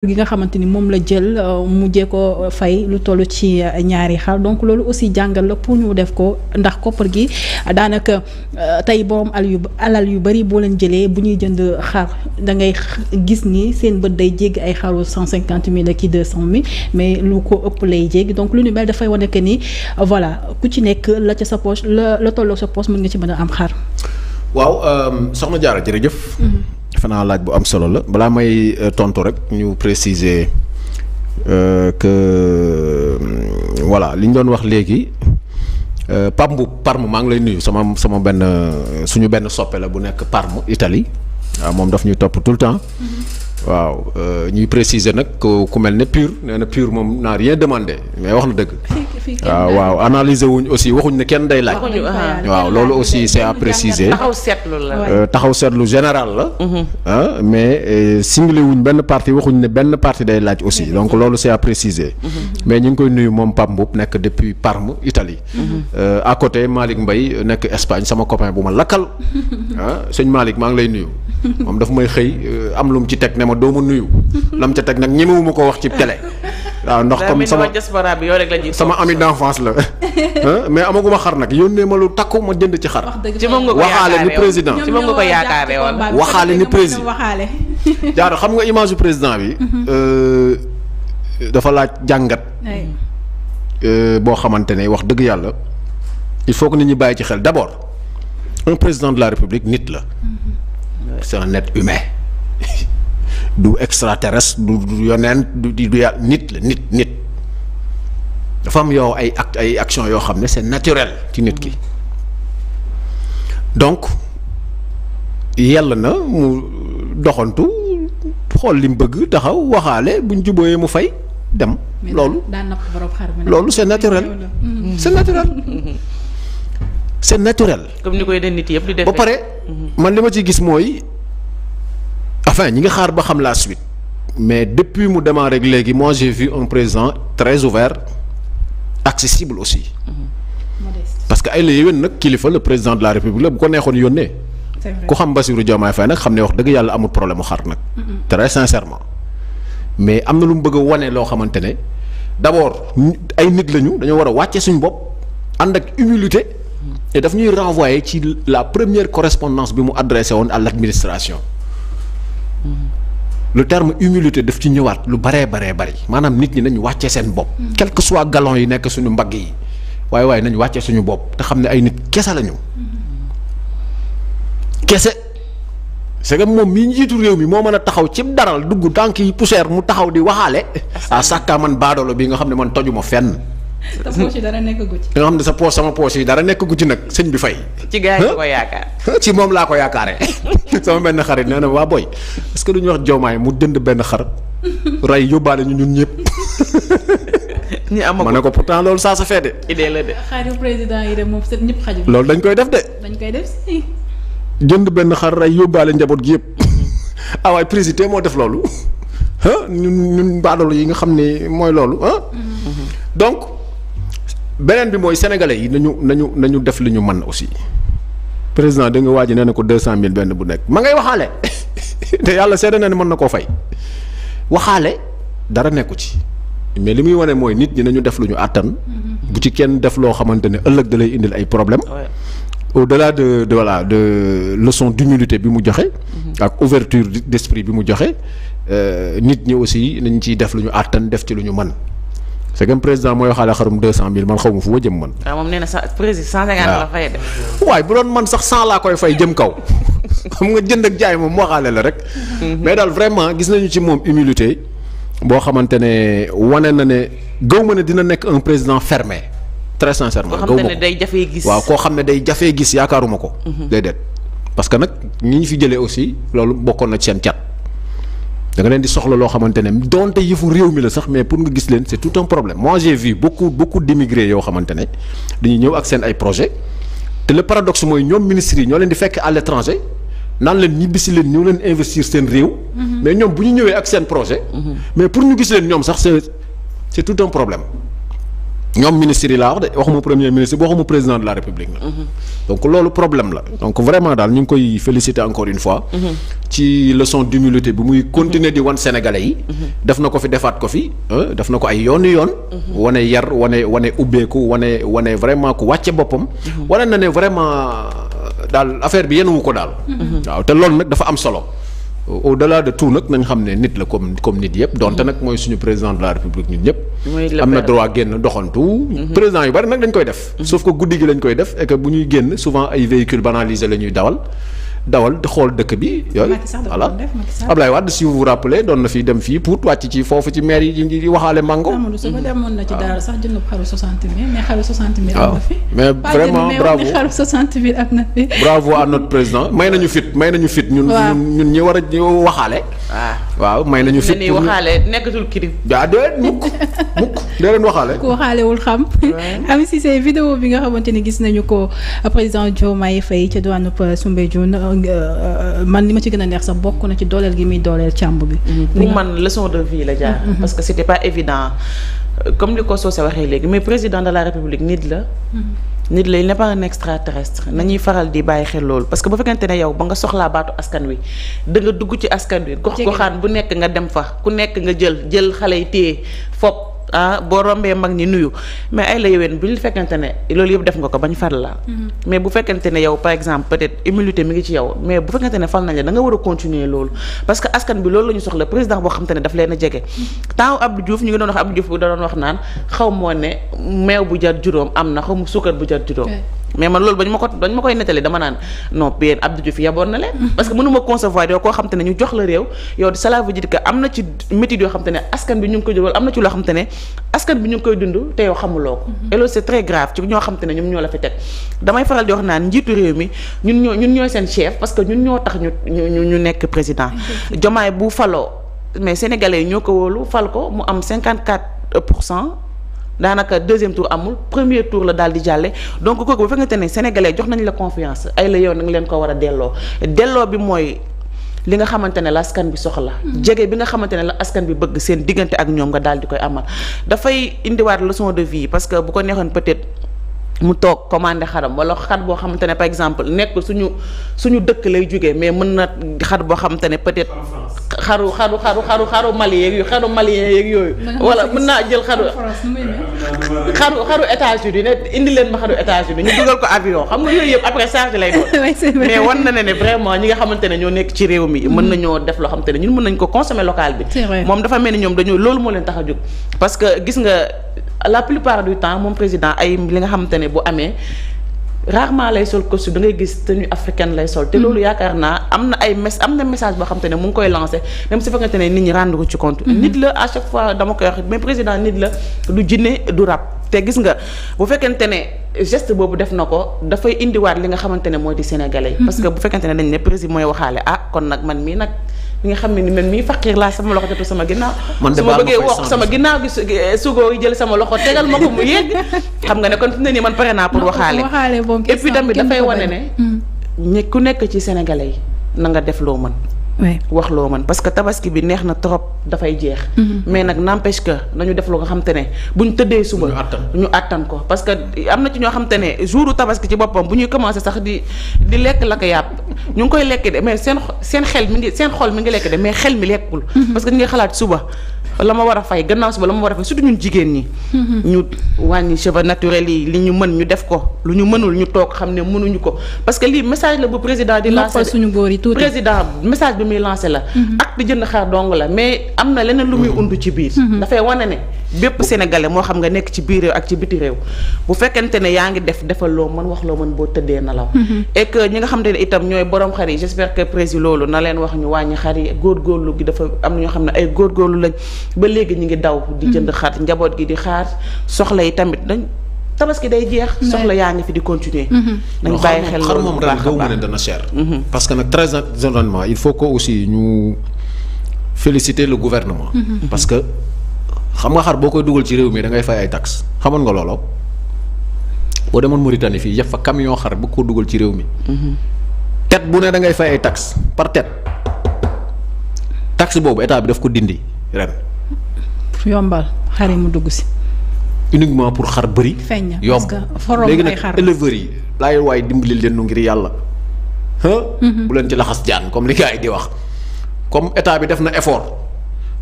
gi nga xamante ni moom la jël euh, mujjee ko fay lu toll ci euh, ñaari xar donc loolu aussi jàngal la pour ñu def ko ndax koppar gi euh, daanaka tey borom al yu alal yu bari boo leen jëlee bu ñuy jënd xar da ngay gis ni seen bët day jéggi ay xaru cent cinquante mille ak i deux cent mille mais lu ko ëpp lay jéggi donc lu ñu mel dafay wane que ni voilà ku ci nekk la ca sa poche la la tolloo sa poche mën nga ci mën a am xar. waaw soxna Diarra jërëjëf. Mm-hmm. defe naa laaj bu am solo la balaa may euh, tontu rek ñu préciser euh, que euh, voilà li ñu doon wax léegi Pape Mboup Parme maa ngi lay nuyu sama sama benn suñu benn soppe la bu nekk Parme Italie waaw moom daf ñuy topp tout temps mm-hmm. waaw ñuy préciser nag ku mel ne pur nee na pur moom naa rien demandé mais wax na dëgg. waaw waaw analyser wuñ aussi waxuñ ne kenn day laaj. waaw loolu aussi c'est à préciser. taxaw seetlu la euh, taxaw seetlu général la. ah mais euh, singlé wuñ benn parti waxuñ ne benn parti day laaj aussi donc loolu c'est à préciser. Mhm. mais ñu ngi koy nuyu moom Pape Mboup nekk depuis Parme Italie. Mhm. Euh, à côté Malick Mbaye nekk Espagne sama copain bu ma lakkal ah sëñ Malick maa ngi lay nuyu. moom daf may xëy am lu mu ci teg ne ma doo ma nuyu. lam ca teg nag ñemewuma ko wax ci télé. waaw ndax comme sama diaspora bi yow rek la ñuy sama ami d'enfance la mais amaguma xar nag yónnee ma lu takku ma jënd ci xar. ci moom nga ko waxaale ni président ci moom nga ko yaakaaree woon waxaale ni président jaaro xam nga image président bi. Mhm. Euh, dafa laaj jàngat. Euh, boo xamante ne wax dëgg yàlla il faut que nit ñi bàyyi ci xel d'abord un président de la république nit la. Mhm. c'est un humain. du extraterrestre du du du nit la nit nit dafa am yow ay act ay yoo xam ne c'est naturel ci nit ki donc yàlla na mu doxantu xool li mu bëgg taxaw waxaale buñ jubóoyee mu fay dem loolu loolu c'est naturel mm-hmm. c'est naturel c'est naturel comme yëpp ba pare mm-hmm. man li ma ci gis mooy enfin ñi nga xaar ba xam la suite mais depuis mu démarré rek léegi moi j'ai vu un président très ouvert accessible aussi mm-hmm. parce que ay la yéwén nag kilifa la président de la république la bu ko neexoon yónnee ku xam Bassirou Diomaye Faye nag xam ne wax dëgg yàlla amul problème xar xaar nag mm-hmm. très sincèrement mais am na lu mu bëgg a wane loo xamante ne d'abord ay nit lañu dañoo war a wàcce suñu bopp ànd ak humilité mm-hmm. et daf ñuy renvoyer ci la première correspondance bi mu adressé woon à l'administration le terme humilité def ci ñëwaat lu baree baree bari maanaam nit ñi nañu wàccee seen bopp. Mm-hmm. quel que soit galon yi nekk suñu mbagg yi waaye waaye nañu wàccee suñu bopp te xam ne ay nit kese lañu. Mm-hmm. kese c'est moom mii njiitu réew mi moo mën a taxaw ci daral dugg tànk yi poussière mu taxaw di waxaale. ah sàkkaa man baadolo bi nga xam ne man toju ma fenn. sa poche yi dara nekk gu ci. nga sa poche sama poche yi dara nekk ci nag sëñ bi fay. ci gars yi ko yaakaar. ci moom laa ko yaakaaree. sama benn xarit nee na waa booy parce que du ñu wax Diomaye mu dënd benn xar rey yóbbaale ñu ñun ñëpp. ñu am ma ne ko pourtant loolu saa sa fee de. idée moom seen ñëpp xaju. loolu dañ koy def de. dañ koy def jënd benn xar rey yóbbaale njaboot gi yëpp. awaay ah, waay président moo def loolu. ah ñun ñun baadoolo yi nga xam ne mooy loolu ah. donc. beneen bi mooy sénégalais yi nañu nañu nañu def lu ñu mën aussi président da nga waaj nee na ko deux cent mille benn bu nekk ma ngay waxaale te yàlla seede na ne mën na koo fay waxaale dara nekku ci mais li muy wane mooy nit ñi nañu def lu ñu àttan bu ci kenn def loo xamante ne ëllëg dalay indil ay problème au-delà de, de voilà de leçon d'humilité bi mu joxe mm-hmm. ak ouverture d'esprit bi mu joxe euh, nit ñi aussi nañ ciy def lu ñu àttan def ci lu ñu man c'est président mooy waxaale xarum 200000 man xaw ma fu ma jëm man. waaw ah, moom nee na sa ah. waaye bu doon man sax 100 laa koy fay jëm kaw xam nga jënd ak jaay moom waxaale la rek. Mhm. mais daal vraiment gis nañu ci moom humilité boo xamante ne wane na ne gëw ma ne dina nekk un président fermé. très sincèrement koo xam ne day jafee gis waaw koo xam ne day jafe gis yaakaaruma ko. Mhm. déedéet parce que nag ñi ñu fi jëlee aussi loolu bokkoon na ci seen cat. danga leen di soxla loo xamante ne donte yëfu réew mi la sax mais pour nga gis leen c' est tout un problème moi j'ai vu beaucoup beaucoup d' immigrés yoo xamante ne dañuy ñëw ak seen ay projet te le paradoxe mooy ñoom ministres yi ñoo leen di fekk à l' étranger naan leen ñibbisi leen ñëw leen investir seen réew. Mm-hmm. mais ñoom bu ñu ñëwee ak seen projet. Mm-hmm. mais pour ñu gis leen ñoom sax c' est c' tout un problème. ñoom ministre yi laa wax de waxuma premier ministre bi waxuma président de la république na mhm. donc loolu problème la donc vraiment daal ñu ngi koy féliciter encore une fois mhm. ci leçon d'humilité bi muy continuer di wan sénégalais yi mhm. def na ko fi defaat ko fi def na ko ay yoon yoon wane yar wane wane ubbeeku wane wane vraiment ku wàcce boppam wane na ne vraiment daal affaire bi yéen ko daal waaw te loolu nag dafa am solo au delà de tout nag nañ xam ne nit la comme comme nit yëpp donte nag mooy suñu président de la république ñun ñëpp am na droit génn doxantu mhm. président yu bari nag dañ koy def mhm. sauf que guddi gi lañ koy def et que bu ñuy génn souvent ay véhicules banalisés la ñuy dawal dawal xool dëkk bi yooyu voilà Ablaye Wade si vous vous rappelez doon na fi dem fii pour wàcc ci foofu ci maire yi di waxaale mango Amadou su ko demoon na ci ah. daara sax jënd xaru 60 000 mais xaru 60 000 am ah. na fi mais vraiment bravo xaru 60 000 am na fi bravo à notre président may nañu fit may nañu fit ñun ñun ñi war a ñu waxaale ah. waaw may nañu fit nekkatul kirib daa déet mukk mukk dee leen waxaale ku waxaalewul xam am si say vidéo bi nga xamante ni gis nañu ko président Diomaye Faye ca diwaanu Soumbédioune Euh, euh, man li ma ci gën a neex sax bokk na ci dooleel gi muy dooleel càmb bi. Mm-hmm. pour man leçon de vie la jaar. Mm-hmm. parce que c'était pas évident euh, comme li ko Socé waxee léegi mais président de la république nit la. Mm-hmm. nit la il n'est pas un extraterrestre nañuy faral di bàyyi xel loolu parce que bu fekkente ne yow ba nga soxlaa baatu askan wi da dugg ci askan wi. gox goxaan bu nekk nga dem fa ku nekk nga jël jël xale yi téye fopp. ah boo rombee mag ñi nuyu mais ay la yoween bu ñu fekkente ne loolu yëpp def nga ko bañ far la mm-hmm. mais bu fekkente ne yow par exemple peut-être immunité mi ngi ci yow mais bu fekkente ne fal nañ la da war a continuer loolu parce que askan bi loolu la soxla président boo xam te leen a jege mm-hmm. temps Abdou Diouf ñu ngi doon wax Abdou Diouf bu doon wax naan xaw moo ne meew bu jar juróom am na xaw mu suukar bu jar juróom mais man loolu bañ ma ko dañ ma koy nettali dama naan non Pierre Abdou Diouf yaboon na leen. parce que mënu ma concevoir yow ñu jox la réew yow cela veut dire am na ci te ne askan bi ñu ngi koy dund wala am na ci loo xam ne askan bi ñu ngi koy dund te yow xamuloo ko. Mm-hmm. et loolu c'est grave ci ñoo xam te ne ñoom ñoo la fi teg damay faral di wax naan njiitu réew mi ñun ñoo ñun ñooy seen chef parce que ñun ñoo tax ñu ñu ñu nekk président. Diomaye mm-hmm. bu faloo mais sénégalais yi ñoo ko wóolu fal ko mu am 54 pour cent. daanaka deuxième tour amul premier tour la daal di jàlle donc kooku ba fekkante ne sénégalais jox nañ la confiance ay la yow nanga leen ko war a delloo delloo bi mooy li nga xamante ne la askan bi soxla hmm. jege bi nga xamante ne la askan bi bëgg seen diggante ak ñoom nga daal di koy amal dafay indiwaat leçon de vie parce que bu ko neexoon peut-être mu toog commandé xaram wala xar boo xamante ne par exemple nekkul suñu suñu dëkk lay jógee mais mën na xar boo xamante ne peut-être xaru xaru xaru xaru xaru Mali yeeg yu xaru malien yeeg yooyu wala mën naa jël xaru euh, xaru xaru États-Unis ne leen ma xaru États-Unis ñu dugal ko avion xam nga yooyu yëpp après charge lay doon mais wan na ne ne vraiment ñi nga xamante ne ñoo nekk ci réew mi mën mm-hmm. nañoo def loo xamante ne ñu mën nañ ko consommer local bi moom dafa mel ni ñoom dañoo loolu moo leen tax a jóg parce gis nga la plupart du temps moom président ay li nga xamante ne bu amee rarement lay sol costume da ngay gis tenue africaine lay sol te mm-hmm. loolu yaakaar naa am na ay mes am na message boo xam te ne mu ngi koy lancé même su fekkente ne nit ñi rendre ko ci compte mm-hmm. nit fois dama koy wax mais président nit la du jinne du rab te gis nga bu fekkente ne geste boobu def na ko dafay indiwaat li nga xamante ne mooy di sénégalais yi. parce que bu fekkente ne dañ ne président mooy waxaale ah kon nag man mii nag mi nga xam ne ni man mii faqiir laa sama loxo jotu sama ginnaaw. man su ma bëggee wax sama ginnaaw gi su sugoo yi jël sama loxo tegal ma ko mu yegg xam nga ne kon fi ne nii man pare naa pour waxaale. et puis tamit dafay wane ne. Hmm. ku nekk ci sénégalais yi na nga def loo mën. wax loo man parce que tabaski bi neex na trop dafay jeex. Mhm. mais nag n'empêche que nañu def lu nga xam te ne buñ tëddee suba. ñu attan ko parce que am na ci ñoo xam ne jouru tabaski ci boppam bu ñuy commencé sax di di lekk la ko yàpp ñu ngi koy lekk de mais seen seen xel mi ngi seen xol mi ngi lekk de mais xel mi lekkul. Mhm. parce que ñu ngi xalaat suba. la ma war a fay gannaaw si ba la ma war a fay surtout ñun jigéen ñi. ñu wàññi cheveux naturels yi li ñu mën ñu def ko lu ñu mënul ñu toog xam ne mënuñu ko parce que lii message la bu président di lancer suñu góor yi bi muy lancer la. Mm-hmm. ak di jënd xaar dong la mais am na leneen lu muy mm-hmm. undu ci biir. Mm-hmm. dafay wane ne bépp sénégalais moo xam nga nekk ci biir réew ak ci biti réew bu fekkente ne yaa ngi def defal loo mën wax loo mën boo tëddee nalaw. et que ñi nga xam ne itam ñooy borom xar yi j'espère que président loolu ne ay góorgóorlu lañ ba léegi ñu ngi daw. di jënd mm-hmm. xar njaboot gi di xaar soxla yi tamit dañ. tabaski day jeex. soxla yaa ngi fi di continuer. Mm-hmm. nañ bàyyi xel loolu bu baax a baax dana cher. Mm-hmm. parce que nag très honnêtement il faut que aussi ñu parce que xam nga xar boo koy dugal ci réew mi da ngay fay ay taxes xamoon nga looloo. boo demoon Mauritanie fii yëpp fa camion xar bu ko dugal ci réew mi. tet bu ne da ngay fay ay taxes par tet taxe boobu état bi daf ko dindi ren. yombal xar yi mu dugg si. uniquement pour xar bëri. feeñ na parce que forom léegi nag éleveurs yi laay waaye dimbali leen nu ngir yàlla. Mhm. bu leen ci laxas jaan comme li gars yi di wax. comme état bi def na effort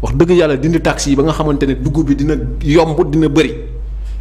wax dëgg yàlla dindi taxes yi ba nga xamante ne dugub bi dina yomb dina bëri.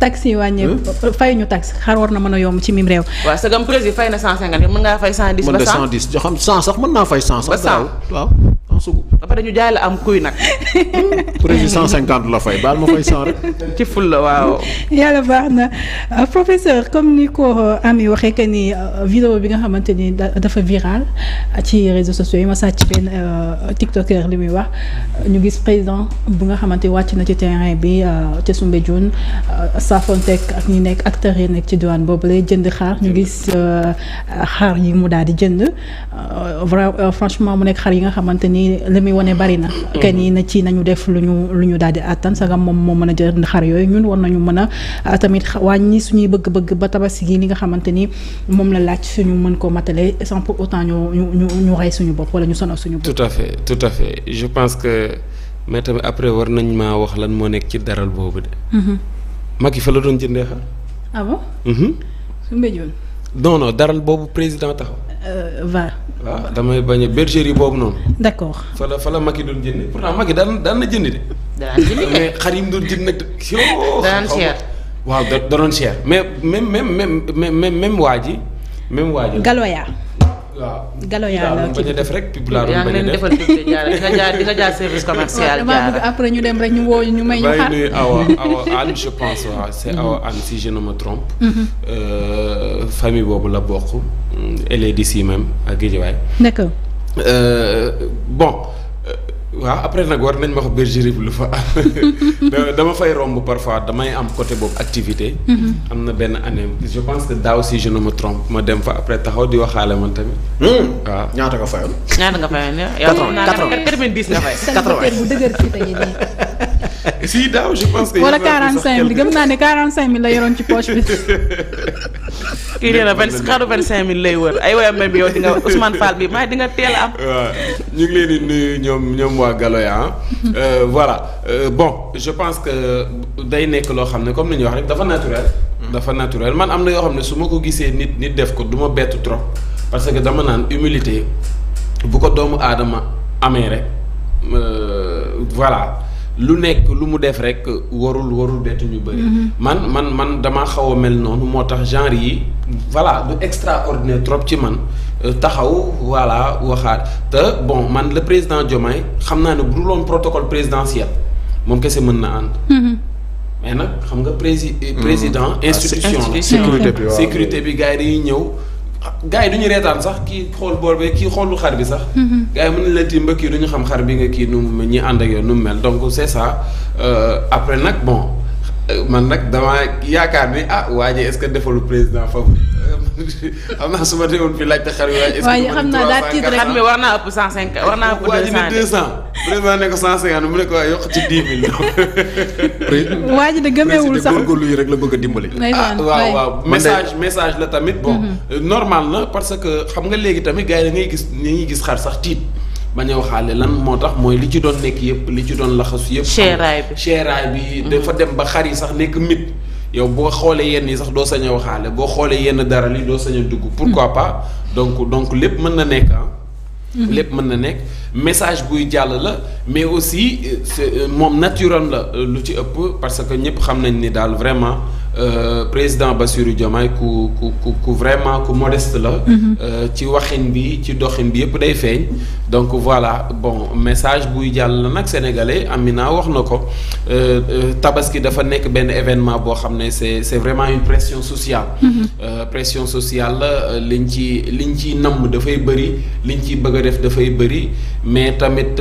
taxe yi wàññeeku. Hmm? fay ñu taxe xar war na mën a yomb ci mim réew. waaw sagam président fay na 150 mën ngaa fay 110. ba 100 mën na 110 yoo xam sax mën naa fay 100 sax. ba 100 waaw. sugu ba dañu jaay la am kuy nag. la fay baal ma fay 100 rek. ci ful la waaw. yàlla baax na euh, professeur comme ni ko euh, Ami waxee que ni euh, vidéo bi nga xamante ni dafa viral ci réseaux sociaux yi ma sàcc benn tiktoker li muy wax ñu gis président bu nga xamante wàcc na ci terrain bi ca Soumbédioune Safontek ak ñu nekk acteurs yi nekk ci diwaan boobu lay jënd xaar ñu gis xaar yi mu daal di jënd franchement mu nekk xaar yi nga xamante ni. ni li muy wane bari na. que mhm. na ci nañu def lu ñu lu ñu daal di àttan sagam moom moo mën a jënd xar yooyu ñun war nañu mën a ah, tamit wàññi suñuy bëgg-bëgg ba tabaski gi li nga xamante ni moom la laaj suñu mën ko matale sans pour autant ñu ñu ñu rey suñu bopp ñu sonal suñu bopp. tout à fait tout à fait je pense que mais tamit après war nañ ma wax lan moo nekk ci daral boobu de. Mhm. Macky fa la doon jëndee xar. ah bon. Mhm. su mbéjoon. non non daral boobu président taxaw. Euh, ah damay bañ a bergerie boobu noonu. d' accord fa la fa la Macky doon jëndee pourtant Macky daan daan na jëndi de. daan jëndi de mais xar yi mu doon jënd nag. daan cher waaw da doon cher mais même même même même waa ji même waa ji. Galoya. waaw Galoya la bañ a def rek. pub laa doon bañ a def yaa ngi leen di defal di jaar di jaar service commercial. jaara damaa bëgg après ñu dem rek ñu woo ñu may ñu xar. nuyu Awa Awa Anne je pense waaw est Awa si je ne me mhm. euh, famille boobu la bokk. elle est d'ici même à Guédiawaye. d'accord. Euh, bon. Euh, waaw après nag war nañ ma wax bergerie bi lu fa dama fay romb parfois damay am côté boobu activité. Mhm. am na benn année je pense que daaw si je ne ma dem fa après taxaw di waxaale man tamit. Hmm. waaw ñaata nga fayoon. ñaata nga fayoon yow. quatre vingt dix nga fay. quatre vingt bu dëgër fii si daaw je pense que. wala bi gëm naa ne 45000 la yoroon ci poche bi. kii nee na vingt xaru 25000 lay wër ay wayam bi yow di nga Ousmane Fall bi maa di teel am. waaw ñu ngi leen di ñoom ñoom waa Galoya ah. euh, voilà euh, bon je pense que day nekk loo xam ne comme ni ñu wax rek dafa naturel. Hmm. dafa naturel man am na yoo xam ne su ma ko gisee nit nit def ko du ma bett trop parce que dama naan humilité bu ko doomu aadama amee rek euh, voilà. lu nekk lu mu def rek warul warul bett ñu bëri. Mm-hmm. man man man dama xaw a mel noonu moo tax genre yi voilà du extraordinaire trop ci man euh, taxaw voilà waxaat te bon man la président Diomaye xam naa ne bu dul woon protocole présidentiel moom kese mën na ànd. Mm-hmm. mais nag xam nga prési mm-hmm. président ah, institution la sécurité bi gars yi dañuy ñëw. gars yi du reetaan sax kii xool boor be kii xoolu xar bi sax. Mm-hmm. gars yi mën nañu la tiim ba kii du xam xar bi nga kii nu mu ñi ànd ak yow nu mu mel donc c'est ça euh, après nag bon. man nag damaa yaakaar ni ah waa ji est-ce que defalu président foofu xam euh, naa su ma deewoon fii laajte xar yi. est-ce que xam naa daa tiit rek mi war naa ëpp cent cinquante war ne ko cent mu ne ko waa waa ji de gëmeewul sax góorgóorlu yi rek la bëgg a dimbali. ah waaw waaw message message la tamit bon. Mm-hmm. Euh, normal na parce que xam nga léegi tamit gars yi da ngay gis ñi ngi gis xar sax tiit. ba a waxaale lan moo tax mooy li ci doon nekk yëpp li ci doon laxasu yëpp. seeraay bi seeraay bi mhm. dafa dem ba xar yi sax nekk mit yow boo xoolee yenn yi sax doo sañ waxaale boo xoolee yenn dara li doo sañ a dugg. pourquoi mhm. pas donc donc lépp mën na nekk ah. Mhm. lépp mën na nekk message buy jàll la mais aussi euh, euh, moom naturel la euh, lu ci ëpp parce que ñëpp xam nañ ni daal vraiment. Euh, président Bassirou Diomaye ku ku ku ku vraiment ku modeste la. Mhm. Euh, ci waxin bi ci doxin bi yëpp day feeñ. donc voilà bon message buy jàll nag sénégalais Amina wax na ko euh, tabaski dafa nekk benn événement boo xam ne c'est c'est vraiment une pression sociale. Mhm. pression sociale la liñ ci liñ ciy namm dafay bëri liñ ciy bëgg a def dafay bëri mais tamit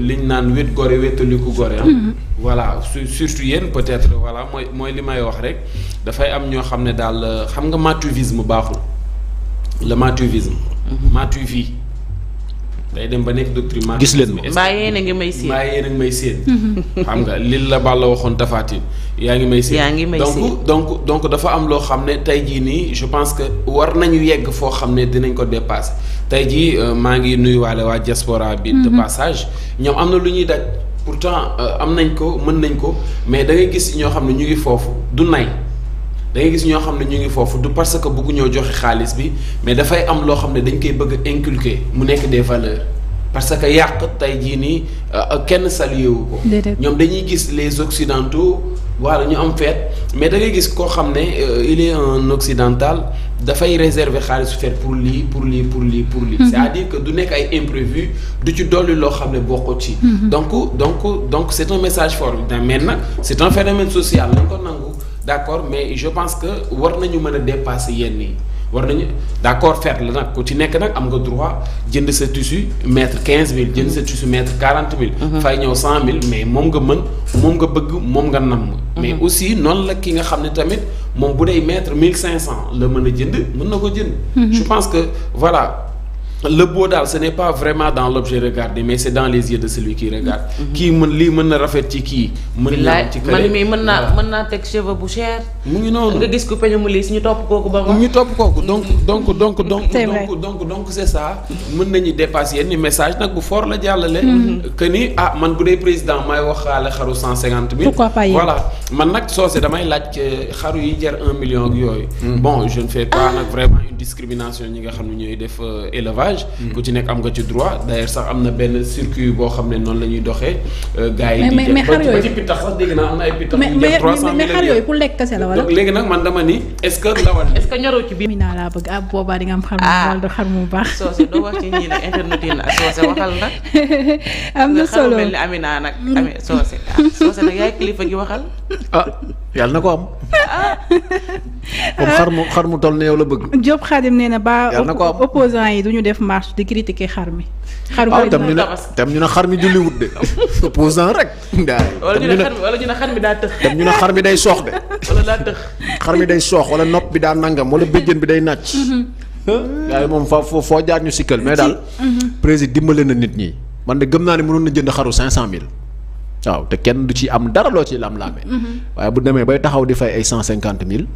liñ naan wét gore wétaliku gore ah. Mhm. voilà surtout yéen peut-être voilà mooy mooy li may wax rek dafay am ñoo xam ne daal euh, xam nga matuivisme baaxul le matuivisme. matuivi mhm. day dem ba nekk doctrine gis leen ma mbaa yéen a ngi may séen mbaa mhm. may séen. xam nga li la Balla waxoon tafaatin yaa ngi may séen yaa ngi may donc donc dafa am loo xam ne tey jii nii je pense que war nañu yegg foo xam ne dinañ ko dépasser tey jii euh, maa ngi waale waa diaspora bi mhm. passage ñoom am na lu ñuy daj. pourtant euh, am nañ ko mën nañ ko mais da ngay gis ñoo xam ne ñu ngi foofu du nay da gis ñoo xam ne ñu ngi foofu du parce que bëggu ñoo joxe xaalis bi mais dafay am loo xam ne dañ koy bëgg inculquer mu nekk des valeur parce que yàq tey jii nii euh, kenn salué ko. ñoom dañuy gis les occidentaux wala ñu am feet mais da ngay gis koo xam ne euh, il est un dafay réserver xaalis fer pour lii pour lii pour lii pour lii. Mhm. cest dire que du nekk ay imprévu du ci dolli loo xam ne bokkoo ci. Mhm. donc donc donc c'est un message fort mais na c'est un phénomène social nañ ko nangu d'accord mais je pense que war nañu mën a dépasser yenn yi. war nañu d'accord fet la nag ku ci nekk nag am nga droit jënd sa tissu mettre quinze mille jënd sa mhm. tissu mettre quarante mille mhm. fay ñëw mille mais moom nga mën moom nga bëgg moom nga namm mais mhm. aussi noonu la ki nga xam ne tamit moom bu dee mettre mille cinq cent la mën a jënd mën na ko jënd je pense que voilà le beau daal ce n'est pas vraiment dans l'objet regardé mais c'est dans les yeux de celui qui regarde. kii mën lii mën na rafet ci kii. mën naa ci man mii mën naa teg cheveux bu cher. mu ngi noonu nga gis ko peñu mu lii si ñu topp kooku ba mu. ñu topp kooku donc donc donc donc donc donc donc c'est ça. mën nañu dépasser yenn message nag bu foor la jàllale. Mm-hmm. que ni ah man bu dee président may waxaale xaru cent cinquante mille. pourquoi voilà man nag soose damay laaj euh, xaru yi jar million yooyu. Mm. bon je ne ñi nga xam ne ñooy def euh, élevage. tirage. ku ci nekk am nga ci droit d'ailleurs sax am na benn circuit boo xam ne noonu la ñuy doxee. Euh, gars yi di jël ba ci pitax sax na ay pitax. yu jël 300 mais xar yooyu pour lekk kese la wala. donc léegi nag man dama ni est-ce que ñoroo ci biir. mi naa laa bëgg ah boobaa di nga am xar mu ah. baax. soose doo wax ci ñii nag internet yi nag soose waxal nag. am na solo nga xamu soose nag ah, yaay kilifa gi waxal. Ah. yàlla na ko am. comme xar mu xar mu toll ne yow la bëgg. Diop Khadim nee na ba. yàlla na ko am opposant yi du ñu def marche di critiquer xar mi. xar mu ah, tam ñu ne tam ñu ne xar mi julliwut de. opposant rek. wala ñu ne wala ñu ne xar mi daa tëx. tam ñu ne xar mi day soox de. wala daa tëx. xar mi day soox wala nopp bi daa nangam wala béjjën bi day nàcc. waaye mhm. moom foo foo jaar ñu sikkal mais daal. Mhm. président dimbale na nit ñi. man de gëm naa ne mënoon na jënd xaru mille waaw te kenn du ci am dara loo ciy lam-laamee. Mhm. waaye bu demee bay taxaw di fay ay cent cinquante mille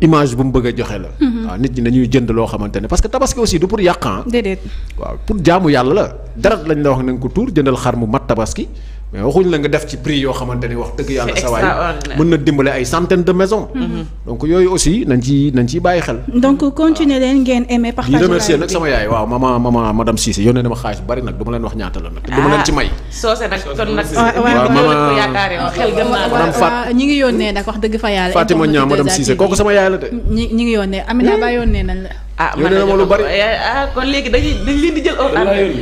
image bu mu bëgg a joxe la. Mhm. waaw nit ñi dañuy jënd loo xamante ne parce que tabaski aussi du pour yàqan. Ah. déedéet waaw pour jaamu yàlla la dara lañ la wax na ko tuur jëndal xar mu mat tabaski. mais waxuñ la nga def ci prix yoo xamante ni wax dëgg yàlla sa waay mën na dimbale ay centaines de maisons mm-hmm. donc yooyu aussi nañ ci nañ ciy bàyyi xel donc continuer leen ngeen aimer partager di remercier nag sama yaay waaw maman maman madame Cissé yónnee na ma xaalis bari nag du leen wax ñaata la nag du ma leen ci may ah, soose nag kon nag waaw maman madame Fat ñi ngi yónnee nag wax dëgg fa yàlla Fatima Niang madame Cissé kooku sama yaay la de ñi ngi yónnee Amina Ba yónnee nañ la ah man de ma lu bari eh, ah kon léegi dañuy dañ leen di jël au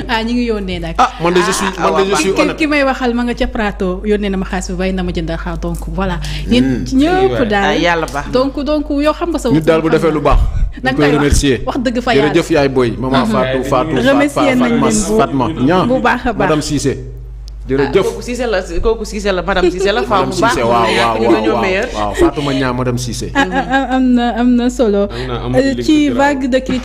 ah ñu ngi yónnee nag. ah man de je suis ah, man de je suis honnête ki ma nga ca Prato yónnee na ma xaalis bi bay na ma jëndal xaar donc voilà. ñun hmm, ñëpp ah, daal yàlla baax donc donc yow xam nga sa. nit daal bu defee lu baax. nag koy remercier wax dëgg fa yàlla jërëjëf yaay booy. maman Fatou Fatou Fatma remercier nañ leen bu bu baax a baax madame jërëjëf ah, kooku Cissé la kooku Cissé la madame Cissé la faaw a a waaw ah, ah, am na am na solo ci vague de